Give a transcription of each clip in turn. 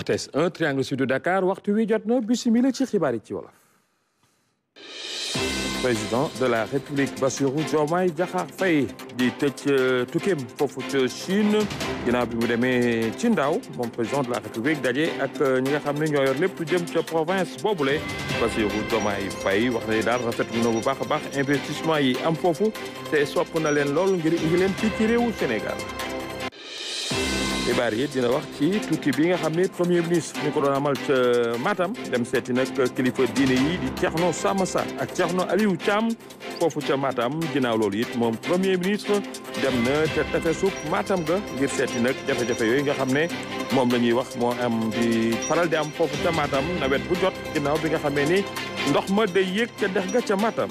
RTS 1 triangle sud de Dakar waxtu wi jot na bisimila ci xibaar ci wolof président de la république Bassirou Diomaye Diakhar Faye di tëj euh, tukkeem foofu ca Chine ginnaaw bi mu demee ci ndaw moom président de la république daje ak euh, ñi nga xam ne ñoo yor province boobule Bassirou Diomaye Faye wax na ni daal rafetlu na bu baax a baax investissement yi am foofu te sopp na leen lool ngir indi leen fii ci réewu Sénégal xibaar yi dina wax ci tukki bi nga xam ne premier ministre ñu ko doon mal ca Matam dem seeti nag kilifa diine yi di Thierno Samba Sarr ak Thierno Aliou Thiam foofu ca Matam ginnaaw loolu it moom premier ministre dem na ca tefesub maatam ga ngir seeti nag jafe-jafe yooyu nga xam ne moom la ñuy wax moo am di faral di am foofu ca maatam nawet bu jot ginnaaw bi nga xamee ni ndox ma da yéeg ca dex ga ca maatam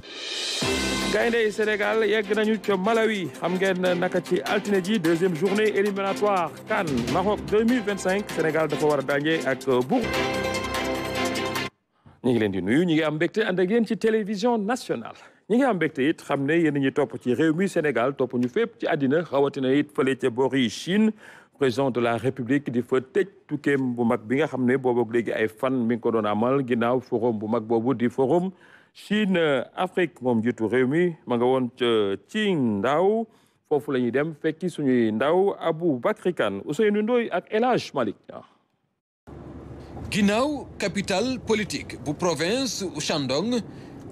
gaynde yi Sénégal yegg nañu ca Malawi xam ngeen naka ci altine deuxième journée éliminatoire CAN Maroc 2025 Sénégal dafa war a daje ak bour ñu ngi leen di nuyu ñi ngi am mbégte ànd ak yéen ci télévision nationale ñi ngi am mbégte it xam ne yéen ñi topp ci réew mi Sénégal Top ñu fépp ci àddina rawatina it fële ca Chine président de la République di fa tëj tukkeem bu mag bi nga xam ne boobu léegi ay fan mi ngi ko doon amal ginnaaw forum bu mag boobu di forum Chine Afrique moom jiitu réew mi ma nga woon ci Qingdao foofu la ñuy dem fekki suñuy ndaw Aboubacry Kane Ousseynou Ndoye ak El Hadj Malick ginnaaw capitale politique bu province Shandong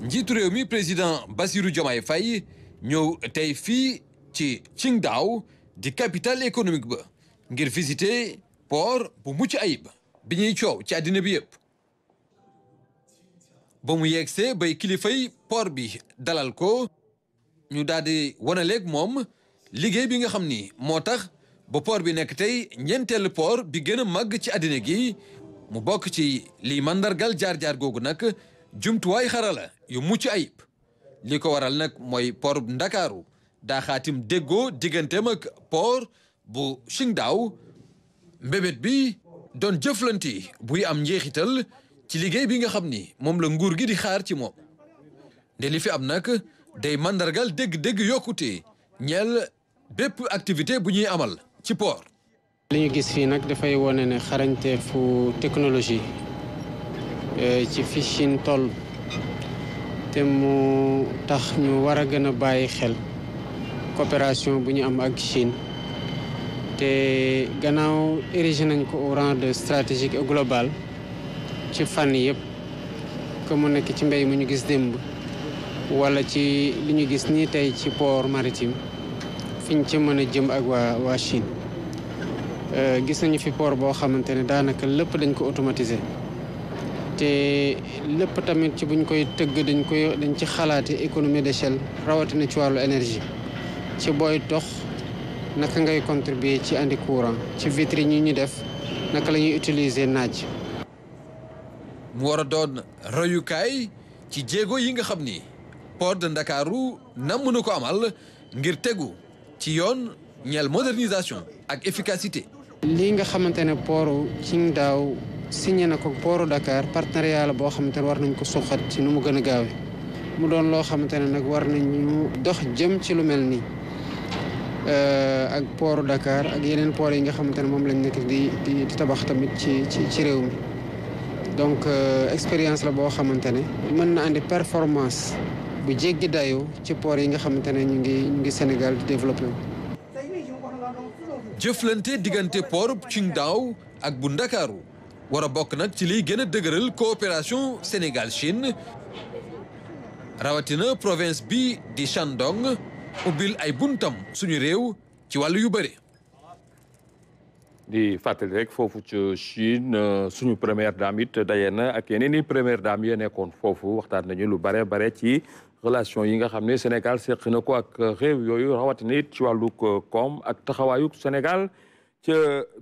njiitu réew mi président Bassirou Diomaye fay ñëw tey fii ci daaw di capital économique ba ngir visiter port bu mucc ayib bi ñuy coow ci àddina bi yëpp ba mu yegsee bay kilifay port bi dalal ko ñu daal di wanaleeg moom liggéey bi nga xam ni moo tax ba port bi nekk tey ñeenteelu poor bi gën a màgg ci àddina gi mu bokk ci lii màndargal jaar-jaar googu nag jumtuwaay xarala yu mucc ayib li ko waral nag mooy port Ndakaaru daa xaatim déggoo digganteem ak port bu Qingdao mbébét bi doon jëflanti buy am njeexital ci liggéey bi nga xam ni moom la nguur gi di xaar ci moom nde fi am nag day màndargal dégg-dégg yokkute ñeel bépp activité bu ñuy amal ci port. li ñu gis fii nag dafay wone ne xarañteefu technologie eh, ci fishing toll te mu tax ñu war a gën a bàyyi xel coopération bu ñu am ak Chine te gannaaw érigé nañ ko au rang de stratégique global. ci fànn yëpp que mu nekk ci mbéy mu ñu gis démb wala ci li ñu gis nii tey ci port maritime fiñ ci mën a jëm ak waa waa Chine euh, gis nañu fi port boo xamante ne daanaka lépp dañ ko automatiser te lépp tamit ci buñ koy tëgg dañ koy dañ ci xalaate économie de d'échelle rawatina ci wàllu énergie ci booy dox naka ngay contribuer ci andi courant ci vitrine yi ñu def naka lañuy utiliser naaj mu war a doon royukaay ci jéego yi nga xam ni port de Ndakaaru namm na ko amal ngir tegu ci yoon ñeel modernisation ak efficacité. lii nga xamante ne ci Qingdao signé na ko pooru Dakar partenariat la boo xamante ne war nañ ko suqat ci nu mu gën a gaawee mu doon loo xamante ne nag war nañu dox jëm ci lu mel nii euh, ak pooru Dakar ak yeneen poor yi nga xamante ne moom lañ nekk di di tabax tamit ci ci ci réew mi. donc euh, expérience la boo xamante ne mën na andi performance bu jéggi dayoo ci poor yi nga xamante ne ñu ngi ñu ngi Sénégal di développé wu. jëflante diggante port daaw ak bu Ndakaaru war bokk nag ci liy gën a dëgëral coopération Sénégal Chine rawatina province bi di Shandong ubbil ay buntam suñu réew ci wàllu yu bëri. di fàttali rek foofu ci Chine euh, suñu première dame it na ak yeneen i première dame yi nekkoon foofu waxtaan nañu lu bare bare ci relation yi nga xam ne Sénégal seq na ko ak réew yooyu rawatina it ci wàllu euh, koom ak taxawaayuk Sénégal ca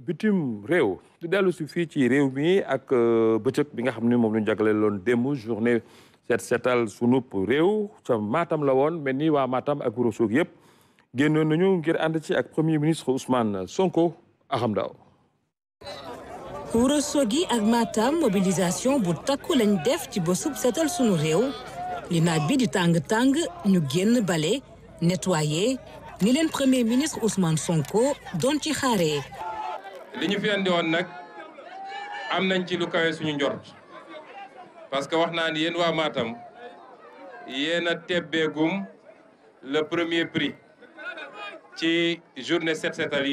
bitim réew. di dellu si fii ci réew mi ak euh, bëccëg bi nga xam ne moom la ñu jagleeloon démb journée set setal sunub réew ca Matam la woon mel ni waa maatam ak Ourossogui yëpp génnoon nañu ngir ànd ci ak premier ministre Ousmane Sonko. Aram Pour Ourossogui ak Matam mobilisation pour Taku lañ def ci bésub setal sunu réew li naaj bi tang tàng-tàng ñu nettoyer ni leen premier ministre Ousmane Sonko Don ci xaaree li ñu fi andi woon nag am ci lu kawe suñu njort parce que wax naa ni yéen waa Matam Yena a le premier prix ci journée set setal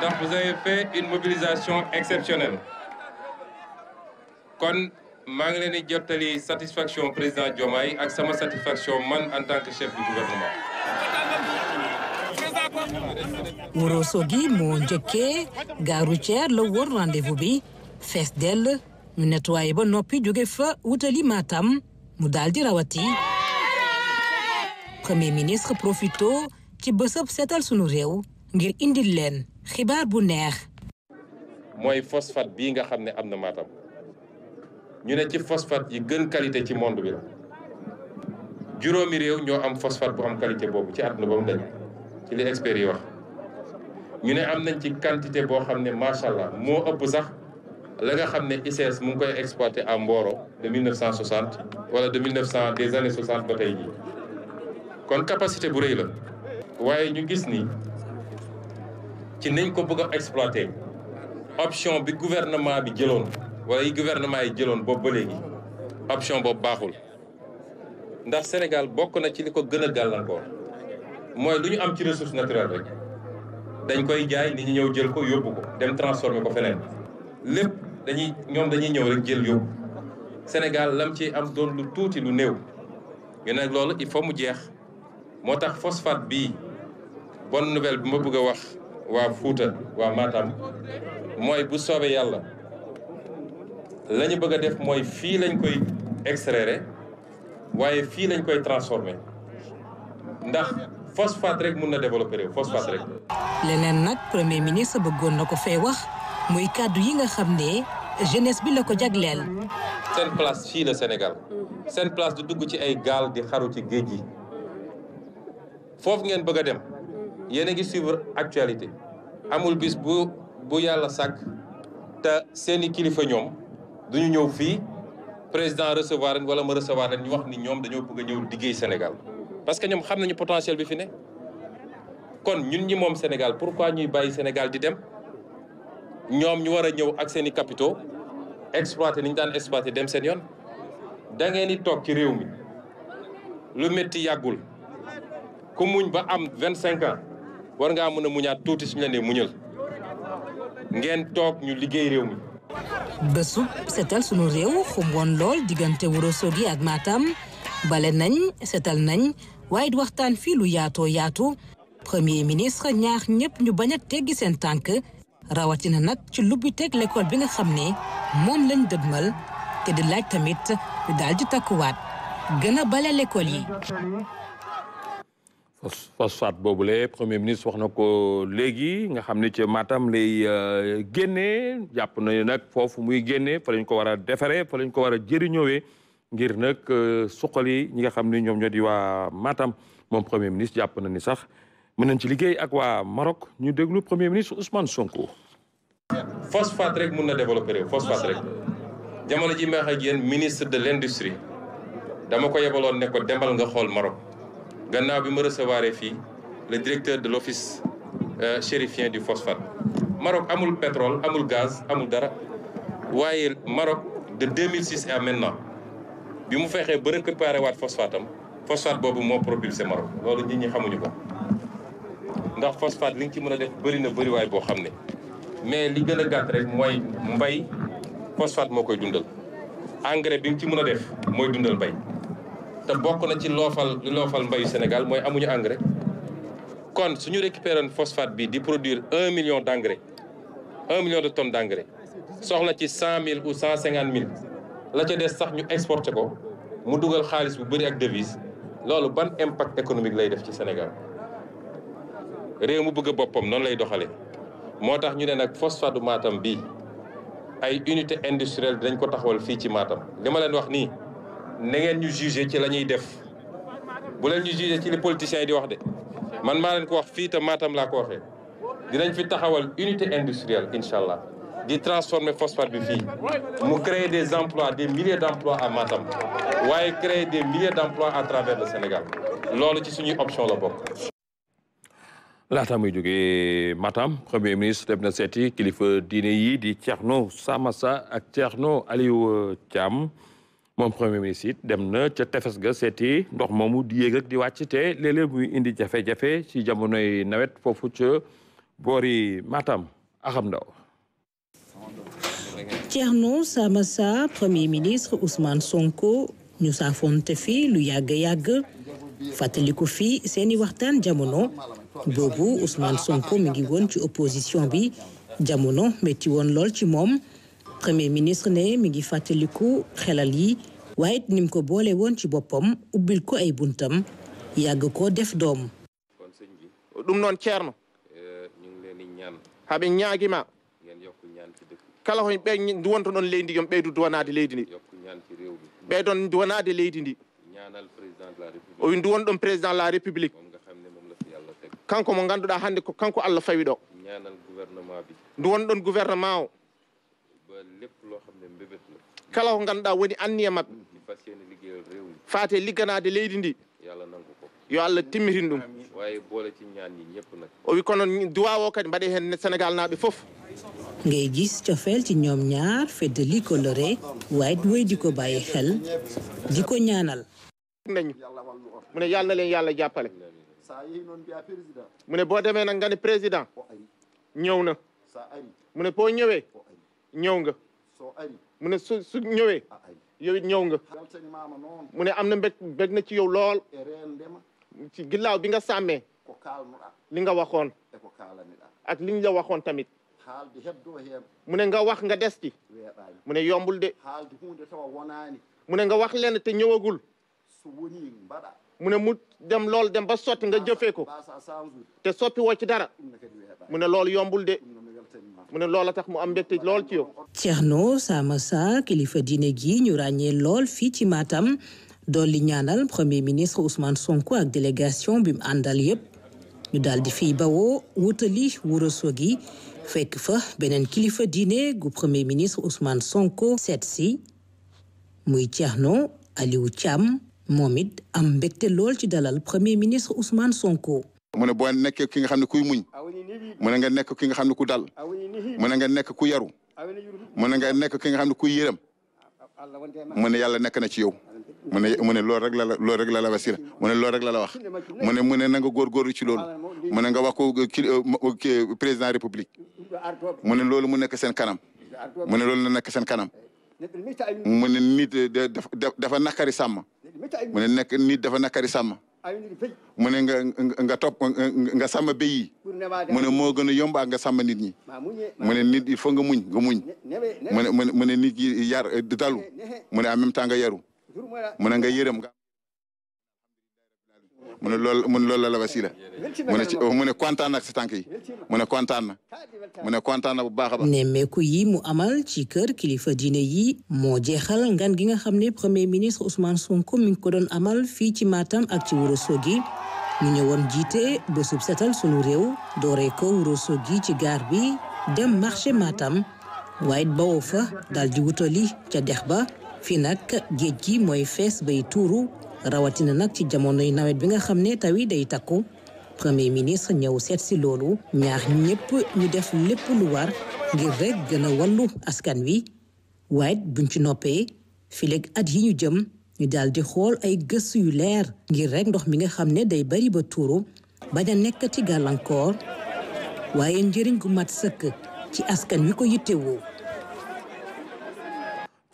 ndax vous avez fait une mobilisation exceptionnelle kon maa ngi satisfaction président Diomaye ak sama satisfaction man en tant que chef du gouvernement. Ourossogui Gui, mon gare routière le wër rendez-vous bi fees d'El, ñu nettoyé ba noppi jóge fa Matam mu daal di rawati. premier ministre profito ci bésëb seetal sunu réew ngir indil leen xibaar bu neex. mooy phosphate bii nga xam ne am na Matam ñu ne ci phosphate yi gën qualité ci monde bi la juróomi réew ñoo am phosphate bu am qualité boobu ci àdduna ba mu dañ ci li experts yi wax ñu ne am nañ ci quantité boo xam ne macha allah moo ëpp sax la nga xam ne ICS mu ngi koy exploité à Mboro de 1960 wala de 1900 des années 60 ba tey jii kon capacité bu rëy la waaye ñu gis ni ci nañ ko bëgg a exploité option bi gouvernement bi jëloon wala yi gouvernement yi jëloon boobu ba léegi option boobu baaxul ndax Sénégal bokk na ci li ko gën a gàllankoor mooy lu ñu am ci ressource naturelle rek dañ koy jaay nit ñi ñëw jël ko yóbbu ko dem transformer ko feneen lépp dañuy ñoom dañuy ñëw rek jël yóbbu Sénégal lam ci am doon lu tuuti lu néew ñu ne loolu il faut mu jeex moo tax phosphate bii bonne nouvelle bi ma bëgg a wax waa Fuuta waa Matam mooy bu soobee yàlla la ñu bëgg a def mooy fii lañ koy extraire waaye fii lañ koy transformer ndax phosphate rek mun na développer réew phosphate rek. leneen nag premier ministre bëggoon na ko fee wax muy kàddu yi nga xam ne jeunesse bi la ko jagleel. seen place fii la Sénégal seen place du dugg ci ay gaal di xaru ci géej gi foofu ngeen bëgg a dem. yéen a ngi suivre actualité amul bis bu bu yàlla sàkk te seeni kilifa ñoom duñu ñëw fii président recevoir leen wala ma recevoir leen ñu wax ni ñoom dañoo bëgg a ñëw liggéey Sénégal parce que ñoom xam nañu potentiel bi fi ne kon ñun ñi moom Sénégal pourquoi ñuy bàyyi Sénégal di dem ñoom ñu war a ñëw ak seen i capitaux exploiter ni ñu daan exploiter dem seen yoon da ngeen di toog ci réew mi lu métti yàggul ku muñ ba am 25 ans war ngaa mën a muñaat tuuti suñu la nee muñal ngeen toog ñu liggéey réew mi. bésub setal sunu réew xumboon lool diggante Wuro Sogi ak Matam bale nañ setal nañ waaye waxtaan fii lu yaatoo yaatu premier ministre ñaax ñëpp ñu bañ a teggi seen tànk rawatina nag ci lubbi teg lekkool bi nga xam ne moom lañ dëgmal te di laaj tamit daal di takkuwaat gën a bale lekkool yi. phosphate boobule premier ministre wax ko legi, nga Matam lay euh, gene, jàpp na nag fofu muy génnee fa lañ ko wara a defaree fa ko wara a ngir nag euh, suqali ñi nga xam ne ñoom ñoo Matam Mon premier ministre jàpp na ni sax mën Akwa ci liggéey ak Maroc ñu déglu premier ministre Ousmane Sonko. phosphate rek mun na développer phosphate rek jamono ji may wax ministre de l'industrie Damo dama ko yebaloon ne ko dembal nga xool Maroc. gannaaw bi ma recevoiré fii le directeur de l'office euh, chérifien du phosphate Maroc amul pétrole amul gaz amul dara waaye Maroc de 2006 à maintenant bi mu fexee ba récupéré waat phosphate am phosphate boobu moo propulsé Maroc loolu nit ñi xamuñu ko ndax phosphate li nga ci mën a def bëri na bëriwaay boo xam ne mais li gën a gàtt rek mooy mbay phosphate moo koy dundal engrais bi nga ci mën a def mooy dundal mbay te bokku na ci lofal lu lofal mbay Sénégal moy amuñu engrais kon suñu récupéroon phosphate bi di produire 1 million d'engrais 1 million de tonnes d'engrais soxla ci 100000 ou 150000 la ca dess sax ñu exporter ko mu duggal xaalis bu bari ak devise lolu ban impact économique lay def ci Sénégal réew mu bëgg bopam non lay doxalee motax ñu né nak phosphate du Matam bi ay unité industrielle dañ ko taxawal fi ci Matam li leen wax ni na ngeen ñu jugé ci lañuy def bu leen ñu jugé ci li politiciens di wax de man maa leen ko wax fii te Matam laa ko waxee dinañ fi taxawal unité industrielle incha allah di transformer phosphate bi fii mu créer des emplois des milliers d' emplois à Matam waaye créer des milliers d' emplois à travers le Sénégal loolu ci suñuy option la bokk. laata muy jógee Matam premier ministre dem na seeti kilifa diine yi di Thierno Samassa ak Thierno Aliou Thiam mon premier ministre demna ci tefes ga seeti ndox moomu di di wacc té lélé léeg muy indi jafé jafé ci jamonoy nawet fofu ci bori Matam axam ndaw Thierno Samassa premier ministre Ousmane Sonko ñu saafonte fi lu yàgg-yàgg fàttaliku fi seeni waxtaan jamono boobu Ousmane Sonko mi ngi woon ci opposition bi jamono métti woon lool ci mom, premier ministre né, mi ngi fàttaliku xelal yi waaye nim ko boole woon ci boppam ubbil ko ay buntam yàgg koo def doom kon sëñ bi ɗum noon ceerno eh, ñu ngi leen di ñaan haɓe ñaagima ngeen yokku ñaan ci dëkk kala hoñ ɓe wonto ɗon leydi yon ɓeydu duwanaade leydi ndi yokku ñaan ci réew mi ɓeyɗon duwanaade leydi ndi ñaanal président de la république o wi ndu woni ɗon président de la république kanko mo ngannduɗaa hannde ko kanko allah fawi ɗo ñaanal gouvernement bi ndu woni ɗon gouvernement o kala ko ganduɗa woni anni e mabɓe faate ligganade leydi ndi yo allah timmitin ɗum o wi kono duwa o kadi mbaɗe hen sénégal naɓe foof ngay gis cofeel ci ñoom ñaar feddali koloré wayit woydi ko bàyyi xel di ko ñaanal nañu mu ne yàlla na leen yàlla jàppale mu ne boo demee nag ne président ñëw na mu ne boo ñëwee ñëw nga mu ne su su ñëwee ah, yow it ñëw nga mu ne am na mbég mbég na ci yow lool e ci ginnaaw bi nga sàmmee li nga waxoon e ak li ñu waxoon tamit mu ne nga wax nga des ci mu ne yombul de mu ne nga wax leen te ñëwagul mu ne mu dem lool dem ba sotti nga jëfee ko te soppi woo ci dara mu ne yombul de mu ne tax mu am Sama Sa, kilifa diine gi ñu ci Matam ñaanal premier ministre Ousmane Sonko ak délégation bi mu andal yépp ñu daldi fi bawo wutali fekk fa benen kilifa gu premier ministre Ousmane Sonko Setsi, si muy Aliou tiam momit am mbégte ci dalal premier ministre Ousmane Sonko. mu ne boo nekkee ki nga xam ne kuy muñ mu ne nga nekk ki xam ne ku dal mu ne nga nekk ku yaru mu ne nga nekk ki nga xam ne kuy yërëm mu ne yàlla nekk na ci yow mu ne mu ne loolu rek la la loolu rek la la wasira mu ne loolu rek la la wax mu ne mu ne na nga góorgóorlu ci lool mu ne nga wax ko ki président république mu ne loolu mu nekk seen kanam mu ne loolu na nekk seen kanam mu ne nit dafa nakari sàmm mu ne nekk nit dafa nakari sàmm mu ne nga nga topp nga sàmm béy mu ne moo gën a yomb nga sama nit ñi mu ne nit il faut nga muñ nga muñ mu ne mu ne nit yi yar dalu mu ne en même temps nga yaru mu ne nga yërëm nga mu ne loolu mu ne loolu la la wasila mu ne ci mu ne kontaan mu ne kontaan na mu ne kontaan na bu baax a baax. nemmeeku yi mu amal ci kër kilifa diine yi moo jeexal ngan gi nga xam ne premier ministre Ousmane Sonko mi ngi ko doon amal fii ci maatam ak ci Wuro Sogi ñu ñëwoon jiite bésub setal sunu réew dooree ko Wuro ci gaar bi dem marché Matam waaye it bawoo fa daal ca dex ba fii nag géej gi mooy fees bay tuuru. rawatina nag ci jamonoy nawet bi nga xam ne taw yi day takku premier ministre ñëw seet si loolu ñaax ñëpp ñu def lépp lu war ngir rek gën wallu askan wi waaye buñ ci noppee fileeg at yi ñu jëm ñu daal di xool ay gëstu yu leer ngir rek ndox mi nga xam ne day bari ba tuuru ba a nekkati ci gàllankoor waaye njëriñ gu mat sëkk ci askan wi ko yittewoo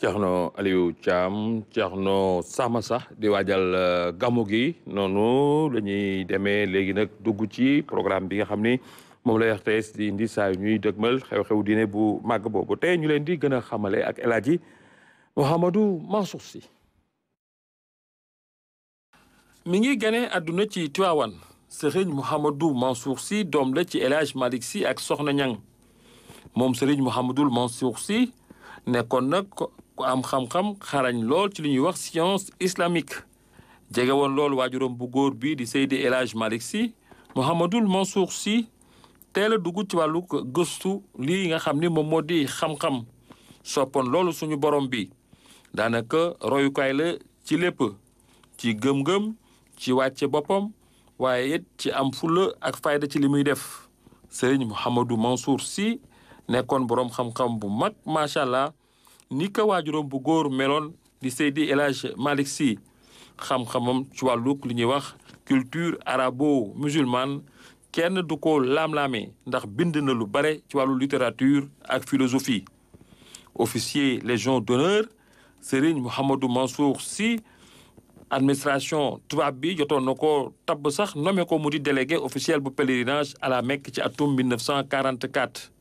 aliyu Aliou Thiam no Sama sax di waajal euh, gàmmu gi noonu la ñuy demee léegi nag dugg ci programme bi nga xam ni moom la RTS di indi saa ñuy dëgmal xew-xew diine bu màgg boobu tey ñu leen di gën a xamale ak El Hadji Mouhamadou si Sy mi ngi gane àdduna ci Tiwaawan Serigne Mouhamadou Mansour Sy doom la ci El Hadji Malick ak Soxna Ñang sëriñ Serigne Mouhamadou Mansour Sy nekkoon nag ku am xam-xam xarañ lool ci li ñuy wax science islamique jege woon lool waajuram bu góor bi di Seydi El Hadj Malick Sy Mouhamadul Mansour si teel a dugg ci wàllu gëstu lii nga xam ni moom moo di xam-xam soppoon loolu suñu borom bi daanaka royukaay la ci lépp ci gëm-gëm ci wàcce boppam waaye it ci am fulla ak fayda ci li muy def Sëriñ Mouhamadou Mansour si nekkoon boroom xam-xam bu mag macha allah. ni ko Melon bu gor Elage di Seydi elage Malick culture arabo musulmane kenn du ko laam ndax bind na bare ci littérature ak philosophie officier légion d'honneur Serigne Mohamedou Mansour Si. administration Touabi, bi jotoon ko sax nommé ko mu délégué officiel bu pèlerinage à la Mecque ci atum 1944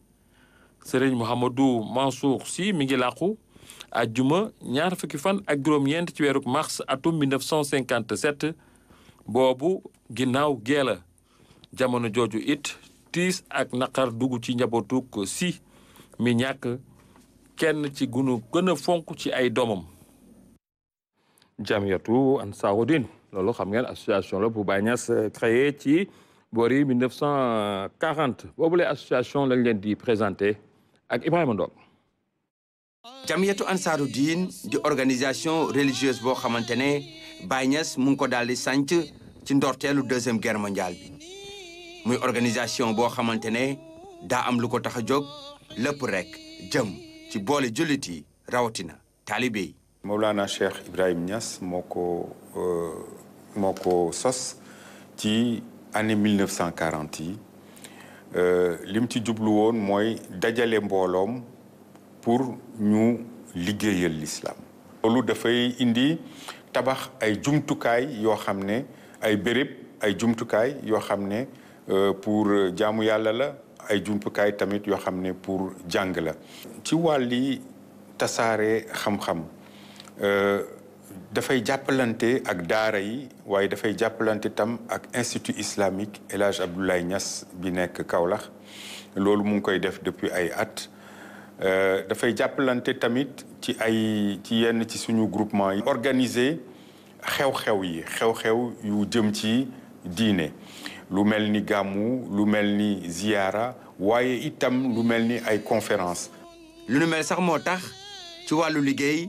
sëriñ Mouhamadou Mansour Si, mi ngi làqu ajjuma ñaar fukki fan ak juróom-ñeent ci weeru mars atum 1957 boobu ginnaaw gee jamono jooju it tiis ak naqar dugg ci njabootuk si mi ñàkk kenn ci gunu gën a fonk ci ay domam jamiyatu ansaruddin loolu xam ngeen association la bu Baye créé ci boori 1940 boobu lay association lañ leen di présenté ak Ibrahima Ndong jamiyatu ansaaru diin di organisation religieuse boo xamante ne Baye Niass mu ngi ko daal di sànc ci ndorteelu deuxième guerre mondiale muy organisation boo xamante ne daa am lu ko tax a jóg lépp rek jëm ci boole jullit rawatina taalibe yi. Mawlana Cheikh Ibrahim ñas moo ko euh, moo ko sos ci année 1940 yi. Euh, li mu ci jublu woon mooy dajale mbooloom pour ñu liggéeyal l'islam loolu dafay indi tabax ay jumtukaay yoo xam ne ay béréb ay jumtukaay yoo xam ne euh, pour jaamu yàlla la ay jumtukaay tamit yoo xam ne pour jàng la ci wàlli tasaare xam-xam euh, dafay jàppalante ak daara yi waaye dafay jàppalante tam ak institut islamique elage Abdoulaye Niass bi nekk Kaolack loolu mu ngi koy def depuis ay at euh, dafay jàppalante tamit ci ay ci yenn ci suñu groupement yi organiser xew-xew yi xew-xew yu jëm ci diine lu mel ni gàmmu lu mel ni ziyaara waaye itam lu mel ni ay conférence lu nu mel sax moo tax ci wàllu liggéey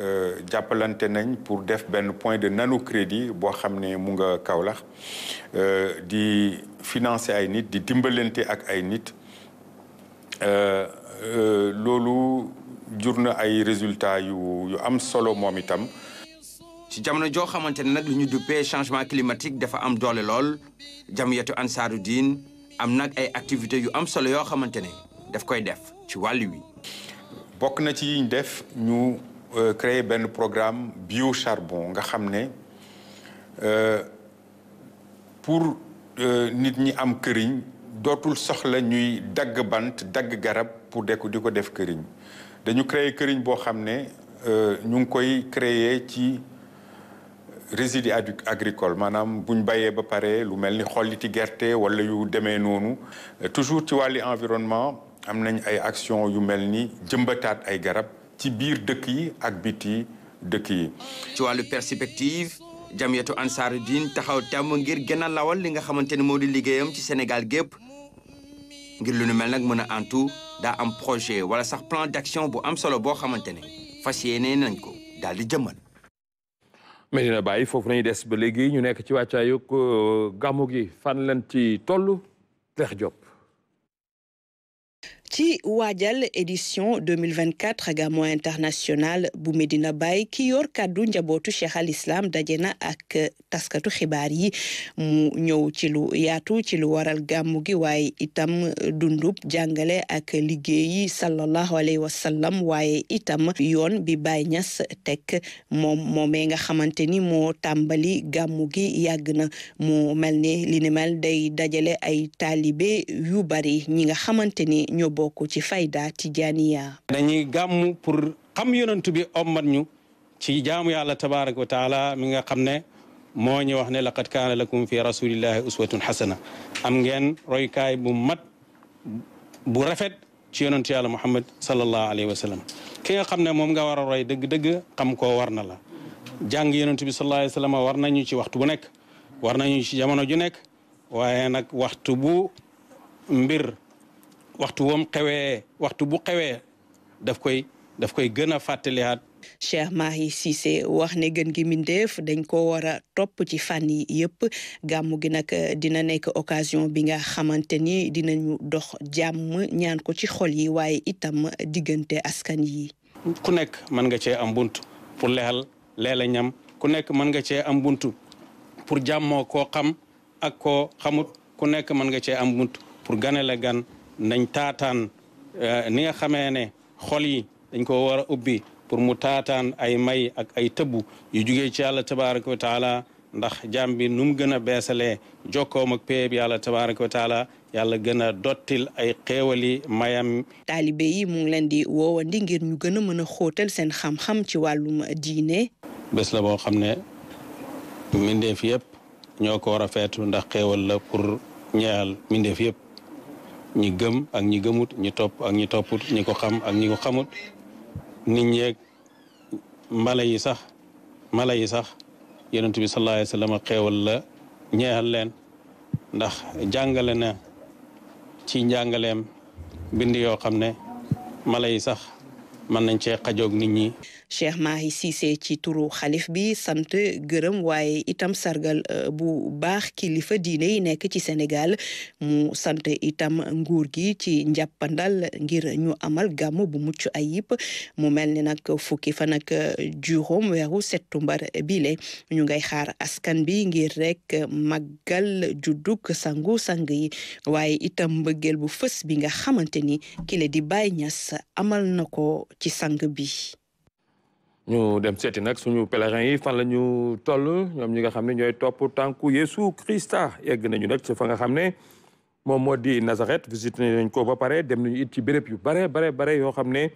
Euh, jàppalante nañ pour def benn point de nano crédit boo xam ne mu nga Kaolack euh, di financer ay nit di dimbalante ak ay nit euh, loolu jur na ay résultat yu yu am solo moom itam. ci jamono joo xamante ne nag lu ñu duppee changement climatique dafa am doole lool jamiyatu ansaaru diin am nag ay activités yu am solo yoo xamante ne daf koy def ci wàll wi. ci yiñ def ñu. Euh, créé benn programme bio charbon. nga xam ne euh, pour euh, nit ñi am këriñ dootul soxla ñuy dagg bande dagg garab pour de ko di ko def këriñ dañu créé këriñ boo xam ne ñu ngi koy créé ci résidus agricole maanaam bu ñu bayee ba pare lu mel ni xolliti gerte wala yu demee noonu toujours ci wàllu environnement am ay action yu mel ni jëmbataat ay garab ci biir dëkk yi ak biti dëkk yi. ci wàllu perspective jamiyatu ansaaru diin taxaw temm ngir gën a lawal li nga xamante ni moo di liggéeyam ci Sénégal gépp ngir lu nu mel nag mën a antu daa am projet wala sax plan d'action bu am solo boo xamante ne fas yéene nañ ko daal di jëmmal. Medina Baye foofu nañu des ba léegi ñu nekk ci wàccaayu euh, gàmmu gi fan lañ ci tollu Leex Diop. ci Wajal édition 2024 gamo international bu Bay Baye ki yor kàddu Cheikh al Islam dajena ak taskatu Hibari, yi mu ñew ci lu yaatu ci lu waral gamu gi itam dundub jangale ak liggéeyi sallallahu alayhi wa sallam itam yon bi Baye ñass tek mom momé nga xamanteni mo tambali gamu gi yagna mu melni li day dajale ay talibé yu bari ñi nga xamanteni ñoo bokk ci fayda Tijaaniya. dañuy gàmm pour xam yonent bi ommat ñu ci jaamu yàlla tabaraka wa taala mi nga xam ne moo ñu wax ne laqad kaana lakum fi rasulillahi uswatun hasana am ngeen roykaay bu mat bu rafet ci yonent yàlla muhammad sallallahu alayhi wa sallam ki nga xam ne moom nga war a roy dëgg-dëgg xam ko war na la jàng yonent bi sallallahu alayhi war nañu ci waxtu bu nekk war nañu ci jamono ju nekk waaye nag waxtu bu mbir waxtu wam xewee waxtu bu xewee daf koy daf koy gëna fatali hat Cheikh Mahi Cissé wax ne gën gi mindeef dañ ko wara top ci fànn yi yëpp gàmmu gi nak dina nek occasion bi nga xamanteni dinañu dox jamm ñaan ko ci xol yi waye itam digënté askan yi ku nek man nga ci am buntu pour lexal leela ñam ku nek man nga ci am buntu pour jàmmoo ko xam ak ko xamut ku nek man nga ci am buntu pour gan nañ taataan eh, ni nga xamee ne xol yi dañ ko war a ubbi pour mu taataan ay may ak ay tëbbu yu jugee ci yàlla tabaraka wa taala ndax jaam bi nu mu gën a beesalee jokkoom ak péeb yàlla tabaraka wa taala yàlla gën a dottil ay xéewali mayam taalibe yi mu ngi leen di woowandi ngir ñu gën a mën a xóotal seen xam-xam ci wàllum diine bés la boo xam ne mbindeef yëpp ñoo ko war a ndax xéewal la pour ñeyal mbindeef yëpp ñi gëm ak ñi gëmut ñi topp ak ñi topput ñi ko xam ak ñi ko xamut nit ñeeg mala yi sax mala yi sax yonent bi sallallahu alayhi wa sallam la ñeexal leen ndax jàngale na ci njàngaleem bind yoo xam ne mala yi sax mën nañ cee xajoog nit ñi Cheikh Mahi Cissé ci turu xalif bi sant gërëm waaye itam sargal euh, bu baax kilifa diine yi nekk ci senegal mu sant itam nguur gi ci njàppandal ngir ñu amal gàmm bu mucc ayib mu mel ni nag fukki fan ak euh, juróom weeru settumbar bile ñu ngay xaar askan bi ngir rekk màggal juddug sangu sang yi waaye itam mbëggeel bu fës bi nga xamante ni kile di Baye ñas amal na ko ci sang bi ñu dem seeti nag suñu pèlerins yi fan la ñu toll ñoom ñi nga xam ne ñooy topp tànku Yeesu Krista egg nañu nag ci fa nga xam ne moom moo di Nazareth visite nañ ko ba pare dem nañu it ci béréb yu bare bare bare yoo xam ne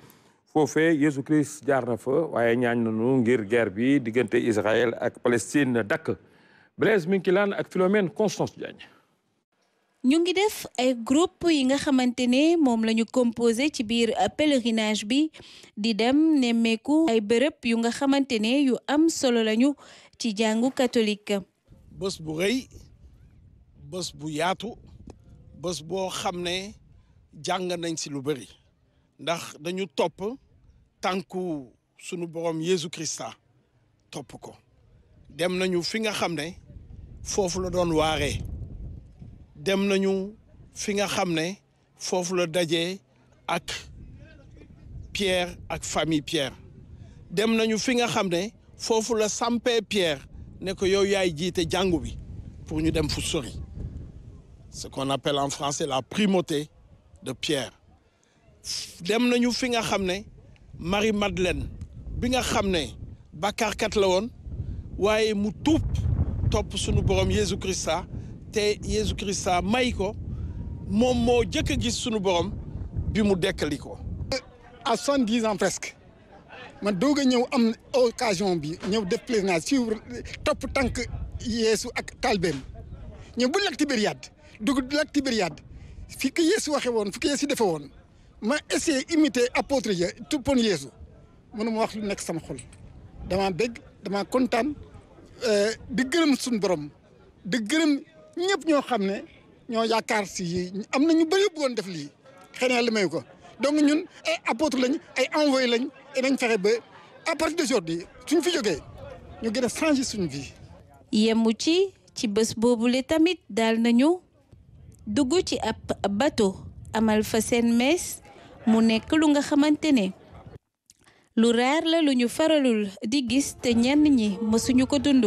foofe Yeesu Christ jaar na fa waaye ñaañ nañu ngir guerre bi diggante Israël ak Palestine dakk Blaise Minkilan ak Philomène Constance Diagne ñu ngi def ay groupe yi nga xamante ne moom lañu composé ci biir euh, pèlerinage bi di dem nemmeeku ay bërëb yu nga xamante ne yu am solo lañu ci jàngu katolik bés bu rëy bés bu yaatu bés boo xam ne jàng nañ si lu bëri ndax dañu topp tànku sunu borom Yeesu Krista topp ko dem nañu fi nga xam ne foofu la doon waaree. dem nañu fi nga xamné fofu la dajé ak Pierre ak famille Pierre dem nañu fi nga xamné fofu la sampé Pierre né ko yow yaay jité jangou bi pour ñu dem fu sori ce qu'on appelle en français la primauté de Pierre dem nañu fi nga xamné Marie Madeleine bi nga xamné Bakar bàkkaarkat la woon waaye mu top top sunu borom Jésus Christa te Yesu Christa may ko moom moo jëkk a gis sunu borom bi mu dekkali ko. à soixante-dix ans presque man doog a ñëw am occasion bi ñëw def pèlerinage suivre topp tànk yéesu ak talbeem ñëw bu lac Tibériade dugg lac Tibériade fi ko Yeesu waxee woon fi ko Yeesu defee woon ma essayé imiter apôtre ya toppoon Yeesu mënu ma wax lu nekk sama xol damaa bégg dama kontaan euh, di gërëm suñu borom di ñëpp ñoo xam ne ñoo yaakaar si yi am na ñu bëri bëggoon def lii xëy na li may ko donc ñun ay apôtre lañ ay envoyé lañ et nañ fexe ba à partir d'aujourd'hui suñ fi jógee ñu gën a changé suñu vie. yemu ci ci bés boobule tamit daal nañu dugg ci ab bateau amal fa seen mees mu nekk lu nga xamante ne lu raar la lu ñu faralul di gis te ñenn ñi mësuñu ko dund.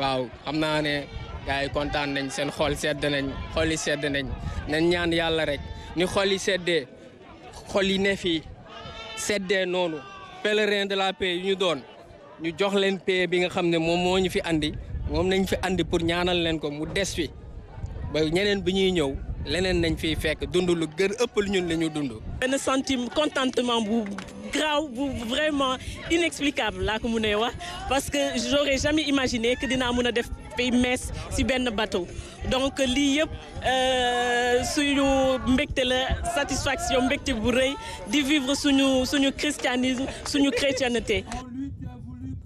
waaw xam naa ne gars yi kontaan nañ seen xol sedd nañ xol yi sedd nañ nañ ñaan yàlla rek ni xol yi seddee xol yi ne fii seddee noonu pèlerin de la pe yu ñu doon ñu jox leen paix bi nga xam ne moom moo ñu fi andi moom nañ fi andi pour ñaanal leen ko mu des fi ba ñeneen bi ñuy ñëw leneen nañ fi fekk dund lu gën ëpp lu ñun la ñu dund. benn sentiment contentement bu graw bu vraiment inexplicable laa ko mënee wax parce que j'aurais jamais imaginé que dinaa mën a def fay mees si benn bateau donc lii yëpp euh, suñu mbégte la satisfaction mbégte bu rëy di vivre suñu suñu christianisme suñu chrétienté.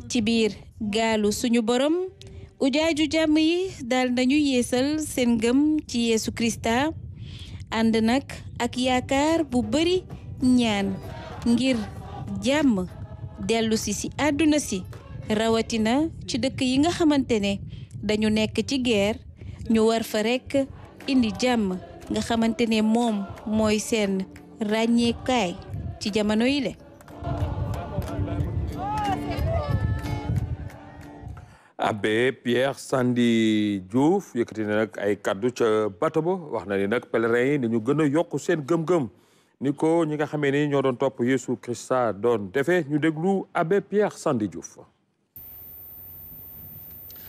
ci biir gaalu suñu borom. ujaaju jàmm yi daal nañu yeesal seen ngëm ci Yeesu Krista ànd nag ak yaakaar bu bari ñaan ngir jàmm dellu si si àdduna si rawatina ci dëkk yi nga xamante ne dañu nekk ci guerre ñu war fa rekk indi jàmm nga xamante ne moom mooy seen ràññeekaay ci jamono yi le abbé Pierre Sandi Diouf yëkkati na nag ay kaddu ca bato ba wax na ni nag pèlerins yi nañu gën a yokk seen gëm-gëm ni ko ñi nga xamee ni ñoo doon topp Yeesu saa doon defee ñu déglu abbé Pierre Sandi Diouf.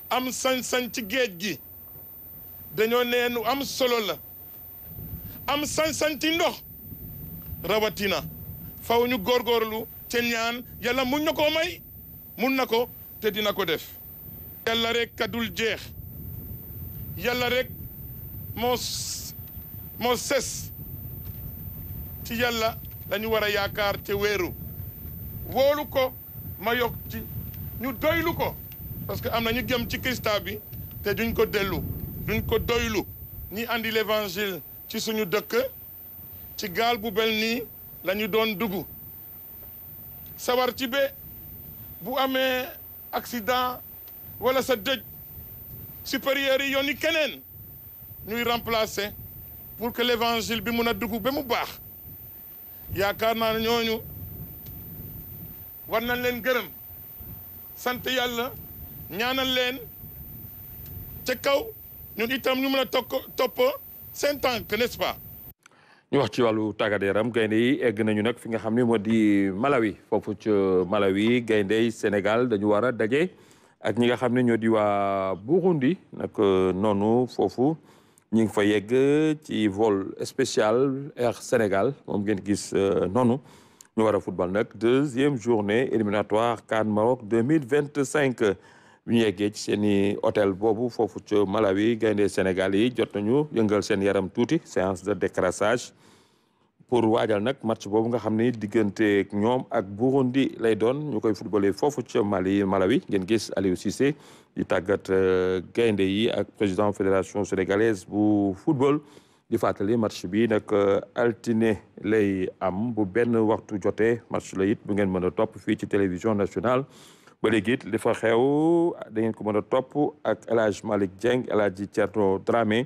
am sañ-sañ ci géej gi dañoo nee nu am solo la am sañ-sañ ci ndox rawatina faw ñu góorgóorlu ca ñaan yàlla mun na koo may mun na ko te dina ko def. Yalla rek kadul jeex yalla rek mos ci yalla lañu a te woluko ma yok ci ñu doylu parce que am ñu ci te duñ ko delu, duñ ko doylu ni andi l'évangile ci suñu dëkk ci gal bu la doon duggu sawar ci accident voilà sa dëj supérieurs yi ñuy remplacer pour que l'évangile bi y a dugg mu war nañ leen gërëm ñaanal leen kaw ñun itam ñu mëna tok top saint n'est-ce pas ñu wax ci walu nañu nak fi nga Malawi fofu Malawi Sénégal dañu ak ñi nga xam ne ñoo di waa Burundi nag euh, nonu foofu ñi ngi fa yegg ci vol spécial Air Sénégal moom ngeen gis euh, noonu ñu war a football nag deuxième journée éliminatoire CAN Maroc 2025 bu ñu yeggee ci seen i hôtel boobu foofu ca Malawi gaynde Sénégal yi jot nañu yëngal seen yaram tuuti séance de décrassage pour waajal nak match bobu nga xamné digënté ak ñom ak Burundi lay doon ñu footballé fofu ci Mali Malawi ngeen gis Aliou Cissé di tagat euh, gaynde yi ak président fédération sénégalaise bu football di fàttali match bi nak euh, altiné lay am bu benn waxtu joté match la it bu ngeen mëna top fi ci télévision nationale ba léegi it li fa xew da ngeen ko mëna top ak El Malik Dieng El Hadj Dramé